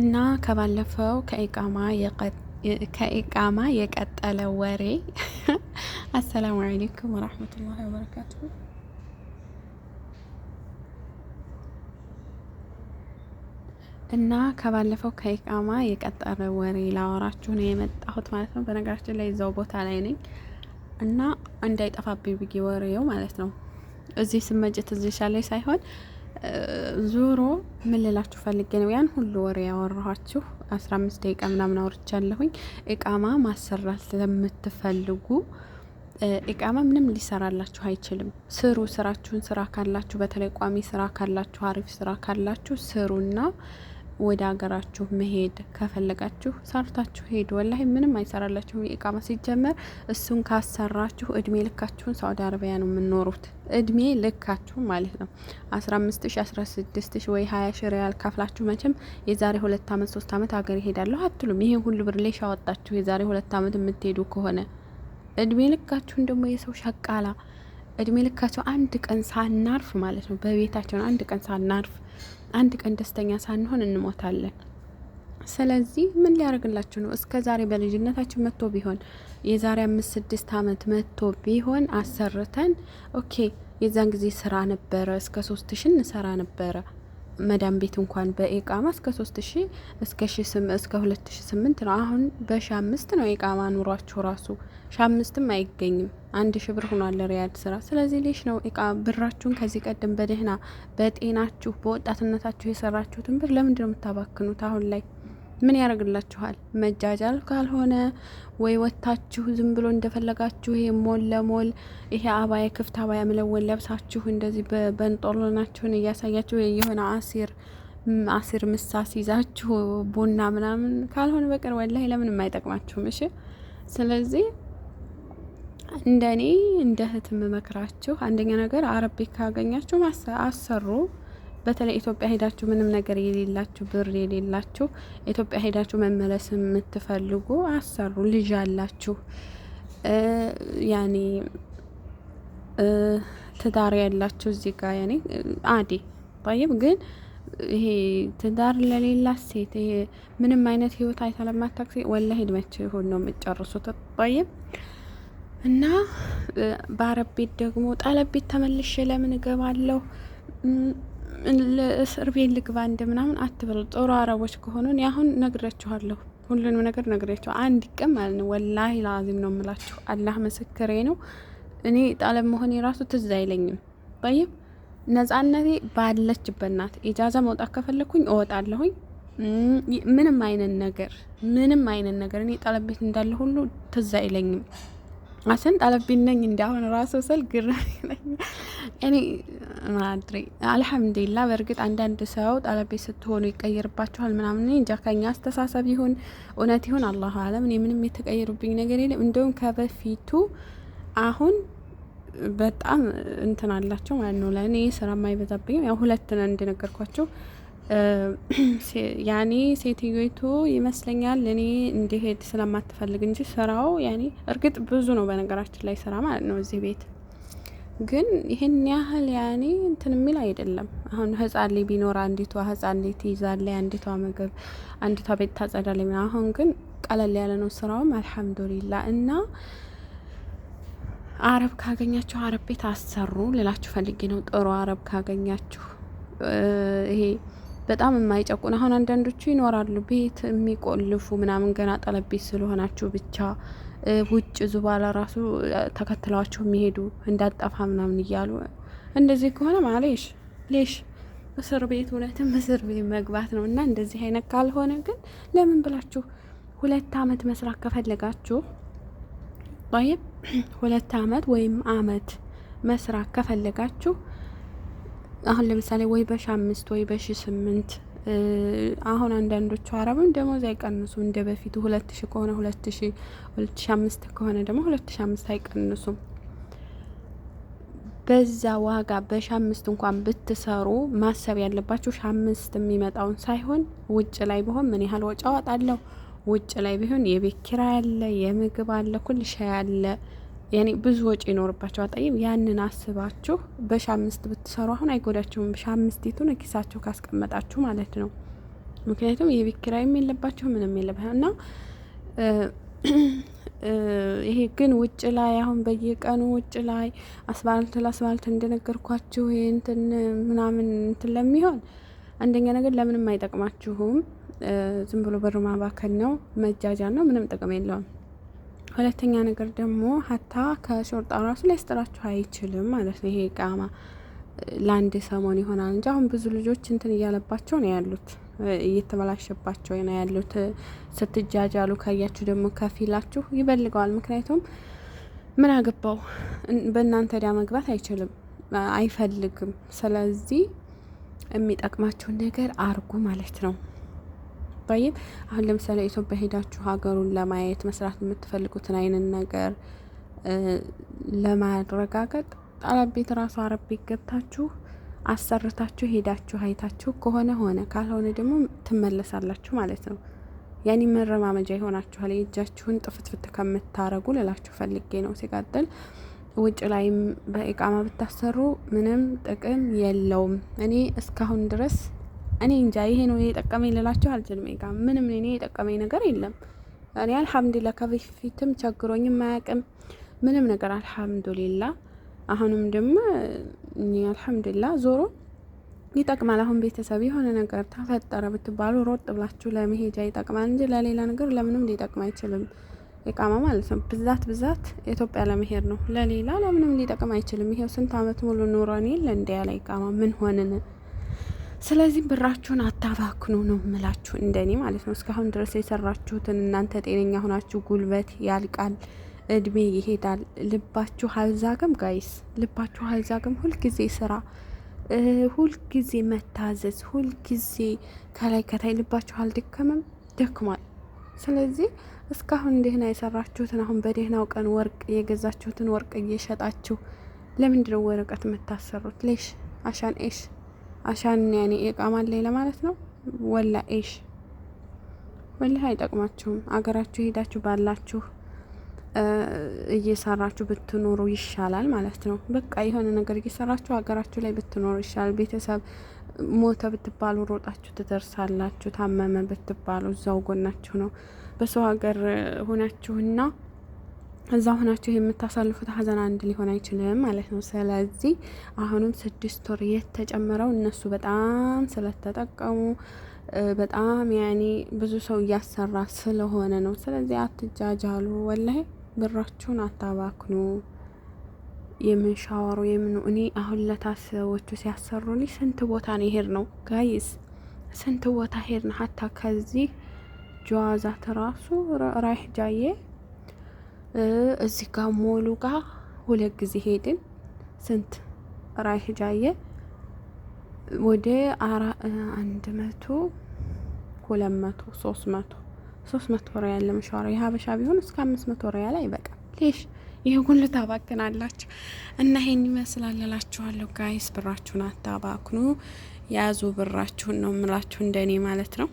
እና ከባለፈው ከኢቃማ የቀጠለ ወሬ። አሰላሙ አለይኩም ወራህመቱላሂ ወበረካቱ። እና ከባለፈው ከኢቃማ የቀጠለ ወሬ ላወራችሁ ነው የመጣሁት ማለት ነው። በነገራችን ላይ እዛው ቦታ ላይ ነኝ እና እንዳይጠፋብኝ ብዬ ወሬው ማለት ነው። እዚህ ስመጭት እዚህ ሻለኝ ሳይሆን ዞሮ ምን ልላችሁ ፈልጌ ነው ያን ሁሉ ወሬ ያወራኋችሁ አስራ አምስት ደቂቃ ምናምን አውርቻለሁኝ። እቃማ ማሰራት ለምትፈልጉ እቃማ ምንም ሊሰራላችሁ አይችልም። ስሩ፣ ስራችሁን ስራ ካላችሁ፣ በተለይ ቋሚ ስራ ካላችሁ፣ አሪፍ ስራ ካላችሁ ስሩና ወደ ሀገራችሁ መሄድ ከፈለጋችሁ ሰርታችሁ ሄዱ። ወላሂ ምንም አይሰራላችሁም የኢቃማ ሲጀመር። እሱን ካሰራችሁ እድሜ ልካችሁን ሳውዲ አረቢያ ነው የምኖሩት። እድሜ ልካችሁ ማለት ነው። አስራ አምስት ሺ አስራ ስድስት ሺ ወይ ሀያ ሺ ሪያል ከፍላችሁ መቼም የዛሬ ሁለት አመት ሶስት አመት ሀገር ይሄዳለሁ አትሉም። ይሄ ሁሉ ብር ሌሽ አወጣችሁ የዛሬ ሁለት አመት የምትሄዱ ከሆነ እድሜ ልካችሁን ደግሞ የሰው ሸቃላ እድሜ ልካቸው አንድ ቀን ሳናርፍ ማለት ነው በቤታቸውን አንድ ቀን ሳናርፍ አንድ ቀን ደስተኛ ሳንሆን እንሞታለን። ስለዚህ ምን ሊያደርግላችሁ ነው? እስከ ዛሬ በልጅነታችሁ መጥቶ ቢሆን የዛሬ አምስት ስድስት አመት መጥቶ ቢሆን አሰርተን ኦኬ፣ የዛን ጊዜ ስራ ነበረ፣ እስከ ሶስት ሺ እንሰራ ነበረ መዳን ቤት እንኳን በኢቃማ እስከ ሶስት ሺ እስከ ሺ እስከ ሁለት ሺ ስምንት ነው። አሁን በሺ አምስት ነው ኢቃማ ኑሯችሁ ራሱ ሺ አምስትም አይገኝም። አንድ ሺ ብር ሆኗል ሪያድ ስራ። ስለዚህ ሌሽ ነው ቃ ብራችሁን ከዚህ ቀደም በደህና በጤናችሁ በወጣትነታችሁ የሰራችሁትን ብር ለምንድን ነው የምታባክኑት አሁን ላይ? ምን ያደርግላችኋል? መጃጃል ካልሆነ ወይ ወታችሁ ዝም ብሎ እንደፈለጋችሁ ይሄ ሞል ለሞል ይሄ አባየ ክፍት አባያ መለወን ለብሳችሁ እንደዚህ በንጦሎናችሁን እያሳያችሁ የሆነ አሲር አሲር ምሳስ ይዛችሁ ቡና ምናምን ካልሆነ በቀር ወላሂ ለምን አይጠቅማችሁም። እሺ ስለዚህ እንደኔ እንደ እህት ምመክራችሁ አንደኛ ነገር አረቤ ካገኛችሁ አሰሩ። በተለይ ኢትዮጵያ ሄዳችሁ ምንም ነገር የሌላችሁ ብር የሌላችሁ ኢትዮጵያ ሄዳችሁ መመለስ የምትፈልጉ አሰሩ። ልጅ አላችሁ ያኔ ትዳር ያላችሁ እዚህ ጋር ያኔ አዴ ጠይብ ግን ይሄ ትዳር ለሌላት ሴት ይሄ ምንም አይነት ህይወት አይተለማት ታክሲ ወላ ሄድ መቼ ሆን ነው የምጨርሱት? ጠይብ እና በአረብ ደግሞ ጠለብ ተመልሽ ተመልሼ ለምን እገባለሁ? ለእስር ቤት ልግባ እንደ ምናምን አትበሉ። ጥሩ አረቦች ከሆኑን ያሁን ነግረችኋለሁ፣ ሁሉንም ነገር ነግረችኋ አንድ ቀን ማለት ነው። ወላሂ ለአዚም ነው የምላችሁ፣ አላህ ምስክሬ ነው። እኔ ጣለም መሆኔ የራሱ ትዝ አይለኝም። ጠይብ ነጻነቴ ባለችበት ናት። ኢጃዛ መውጣት ከፈለግኩኝ እወጣለሁኝ። ምንም አይነት ነገር ምንም አይነት ነገር እኔ ጣለቤት እንዳለ ሁሉ ትዝ አይለኝም። ጣለብኝ ነኝ እንዳሁን ራሱ ስል ግር እኔ አልሐምዱሊላ። በእርግጥ አንዳንድ ሰው ጣለቤ ስትሆኑ ይቀየርባችኋል ምናምን። እንጃ ከኛ አስተሳሰብ ይሁን እውነት ይሁን አላሁ አለም። እኔ ምንም የተቀየሩብኝ ነገር የለም። እንደውም ከበፊቱ አሁን በጣም እንትን አላቸው ማለት ነው። ለእኔ ስራ የማይበዛብኝም ያው ሁለት እንደነገርኳቸው ያኔ ሴትዮቱ ይመስለኛል እኔ እንዲሄድ ስለማትፈልግ እንጂ ስራው ያኔ እርግጥ ብዙ ነው በነገራችን ላይ ስራ ማለት ነው እዚህ ቤት ግን ይህን ያህል ያኔ እንትን የሚል አይደለም። አሁን ህጻን ላይ ቢኖር አንዲቷ ህጻን ላይ ትይዛለች፣ አንዲቷ ምግብ፣ አንዲቷ ቤት ታጸዳለች። አሁን ግን ቀለል ያለ ነው ስራውም አልሐምዱሊላ እና አረብ ካገኛችሁ አረብ ቤት አሰሩ ልላችሁ ፈልጌ ነው። ጥሩ አረብ ካገኛችሁ ይሄ በጣም የማይጨቁን አሁን አንዳንዶቹ ይኖራሉ ቤት የሚቆልፉ ምናምን ገና ጠለቤት ስለሆናችሁ ብቻ ውጭ ዙባላ ራሱ ተከትለዋቸው የሚሄዱ እንዳጠፋ ምናምን እያሉ እንደዚህ ከሆነ ማለሽ ሌሽ እስር ቤት እውነትም እስር ቤት መግባት ነው እና እንደዚህ አይነት ካልሆነ ግን ለምን ብላችሁ ሁለት አመት መስራት ከፈለጋችሁ ይም ሁለት አመት ወይም አመት መስራት ከፈለጋችሁ አሁን ለምሳሌ ወይ በሺ አምስት ወይ በሺ ስምንት አሁን አንዳንዶቹ አረብም ደሞዝ አይቀንሱም እንደ በፊቱ ሁለት ሺ ከሆነ ሁለት ሺ ሁለት ሺ አምስት ከሆነ ደግሞ ሁለት ሺ አምስት አይቀንሱም። በዛ ዋጋ በሺ አምስት እንኳን ብትሰሩ ማሰብ ያለባችሁ ሺ አምስት የሚመጣውን ሳይሆን ውጭ ላይ ቢሆን ምን ያህል ወጪ አወጣለሁ፣ ውጭ ላይ ቢሆን የቤት ኪራይ አለ፣ የምግብ አለ፣ ኩል ሻይ ያኔ ብዙ ወጪ ይኖርባቸው አጣይም ያንን አስባችሁ በሺ አምስት ብትሰሩ አሁን አይጎዳችሁም። ሺ አምስቲቱን ኪሳችሁ ካስቀመጣችሁ ማለት ነው። ምክንያቱም የቤት ኪራይም የለባችሁ ምንም የለባ እና ይሄ ግን ውጭ ላይ አሁን በየቀኑ ውጭ ላይ አስፋልት ለአስፋልት እንደነገርኳችሁ ይሄ እንትን ምናምን እንትን ለሚሆን አንደኛ ነገር ለምንም አይጠቅማችሁም። ዝም ብሎ ብር ማባከን ነው፣ መጃጃ ነው፣ ምንም ጥቅም የለውም። ሁለተኛ ነገር ደግሞ ሀታ ከሾርጣ ራሱ ሊያስጥራችሁ አይችልም ማለት ነው። ይሄ ቃማ ለአንድ ሰሞን ይሆናል እንጂ አሁን ብዙ ልጆች እንትን እያለባቸው ነው ያሉት፣ እየተበላሸባቸው ነው ያሉት። ስትጃጃሉ ካያችሁ ደግሞ ከፊላችሁ ይበልገዋል። ምክንያቱም ምን አገባው በእናንተ ዳ መግባት አይችልም አይፈልግም። ስለዚህ የሚጠቅማቸውን ነገር አርጉ ማለት ነው። አይታይም። አሁን ለምሳሌ ኢትዮጵያ ሄዳችሁ ሀገሩን ለማየት መስራት የምትፈልጉትን አይነት ነገር ለማረጋገጥ ጠለብ ቤት ራሱ አረብ ቤት ገብታችሁ አሰርታችሁ ሄዳችሁ አይታችሁ ከሆነ ሆነ፣ ካልሆነ ደግሞ ትመለሳላችሁ ማለት ነው። ያኔ መረማመጃ ይሆናችኋል። የእጃችሁን ጥፍትፍት ከምታረጉ ልላችሁ ፈልጌ ነው። ሲቀጥል ውጭ ላይም በኢቃማ ብታሰሩ ምንም ጥቅም የለውም። እኔ እስካሁን ድረስ እኔ እንጃ ይሄ ነው የጠቀመኝ ልላችሁ አልችልም። ጋ ምንም እኔ የጠቀመኝ ነገር የለም። እኔ አልሐምዱሊላ ከበፊትም ቸግሮኝም አያውቅም ምንም ነገር አልሐምዱሊላ። አሁንም ደግሞ አልሐምዱሊላ ዞሮ ይጠቅማል። አሁን ቤተሰብ የሆነ ነገር ተፈጠረ ብትባሉ ሮጥ ብላችሁ ለመሄጃ ይጠቅማል እንጂ ለሌላ ነገር ለምንም ሊጠቅም አይችልም። ኢቃማ ማለት ነው ብዛት ብዛት ኢትዮጵያ ለመሄድ ነው። ለሌላ ለምንም ሊጠቅም አይችልም። ይሄው ስንት አመት ሙሉ ኑረን የለ እንደ ያለ ኢቃማ ምን ሆንን? ስለዚህ ብራችሁን አታባክኑ ነው ምላችሁ፣ እንደኔ ማለት ነው። እስካሁን ድረስ የሰራችሁትን እናንተ ጤነኛ ሆናችሁ ጉልበት ያልቃል፣ እድሜ ይሄዳል። ልባችሁ አልዛግም ጋይስ፣ ልባችሁ አልዛግም። ሁልጊዜ ስራ፣ ሁልጊዜ መታዘዝ፣ ሁልጊዜ ከላይ ከታይ። ልባችሁ አልደከመም? ደክሟል። ስለዚህ እስካሁን እንደህና የሰራችሁትን አሁን በደህናው ቀን ወርቅ የገዛችሁትን ወርቅ እየሸጣችሁ ለምንድነው ወረቀት የምታሰሩት? ሌሽ አሻን ኤሽ አሻን ያኔ የቃማን ላይ ለማለት ነው። ወላ ኤሽ ወላ አይጠቅማችሁም። አገራችሁ ሄዳችሁ ባላችሁ እየሰራችሁ ብትኖሩ ይሻላል ማለት ነው። በቃ የሆነ ነገር እየሰራችሁ ሀገራችሁ ላይ ብትኖሩ ይሻላል። ቤተሰብ ሞተ ብትባሉ ሮጣችሁ ትደርሳላችሁ። ታመመ ብትባሉ እዛው ጎናችሁ ነው። በሰው ሀገር ሆናችሁና እዛ ሆናችሁ የምታሳልፉት ሀዘን አንድ ሊሆን አይችልም ማለት ነው። ስለዚህ አሁንም ስድስት ወር የተጨመረው እነሱ በጣም ስለተጠቀሙ በጣም ያኔ ብዙ ሰው እያሰራ ስለሆነ ነው። ስለዚህ አትጃጃሉ፣ ወላሂ ብራችሁን አታባክኑ። የምንሻወሩ የምኑ እኔ አሁን ለታ ሰዎቹ ሲያሰሩ ልኝ ስንት ቦታ ነው ይሄድ ነው ጋይስ፣ ስንት ቦታ ሄድ ነው ሀታ ከዚህ ጀዋዛት ራሱ ራይህ ጃዬ እዚህ ጋር ሞሉ ጋር ሁለት ጊዜ ሄድን። ስንት ራሂጃየ ወደ አንድ መቶ ሁለት መቶ ሶስት መቶ ሶስት መቶ ሪያል ለመሻወር የሀበሻ ቢሆን እስከ አምስት መቶ ሪያል አይበቃም። ሌሽ ይህ ሁሉ ታባክናላችሁ እና ይሄን ይመስላል እላችኋለሁ። ጋይስ ብራችሁን አታባክኑ፣ ያዙ ብራችሁን ነው ምላችሁ እንደኔ ማለት ነው።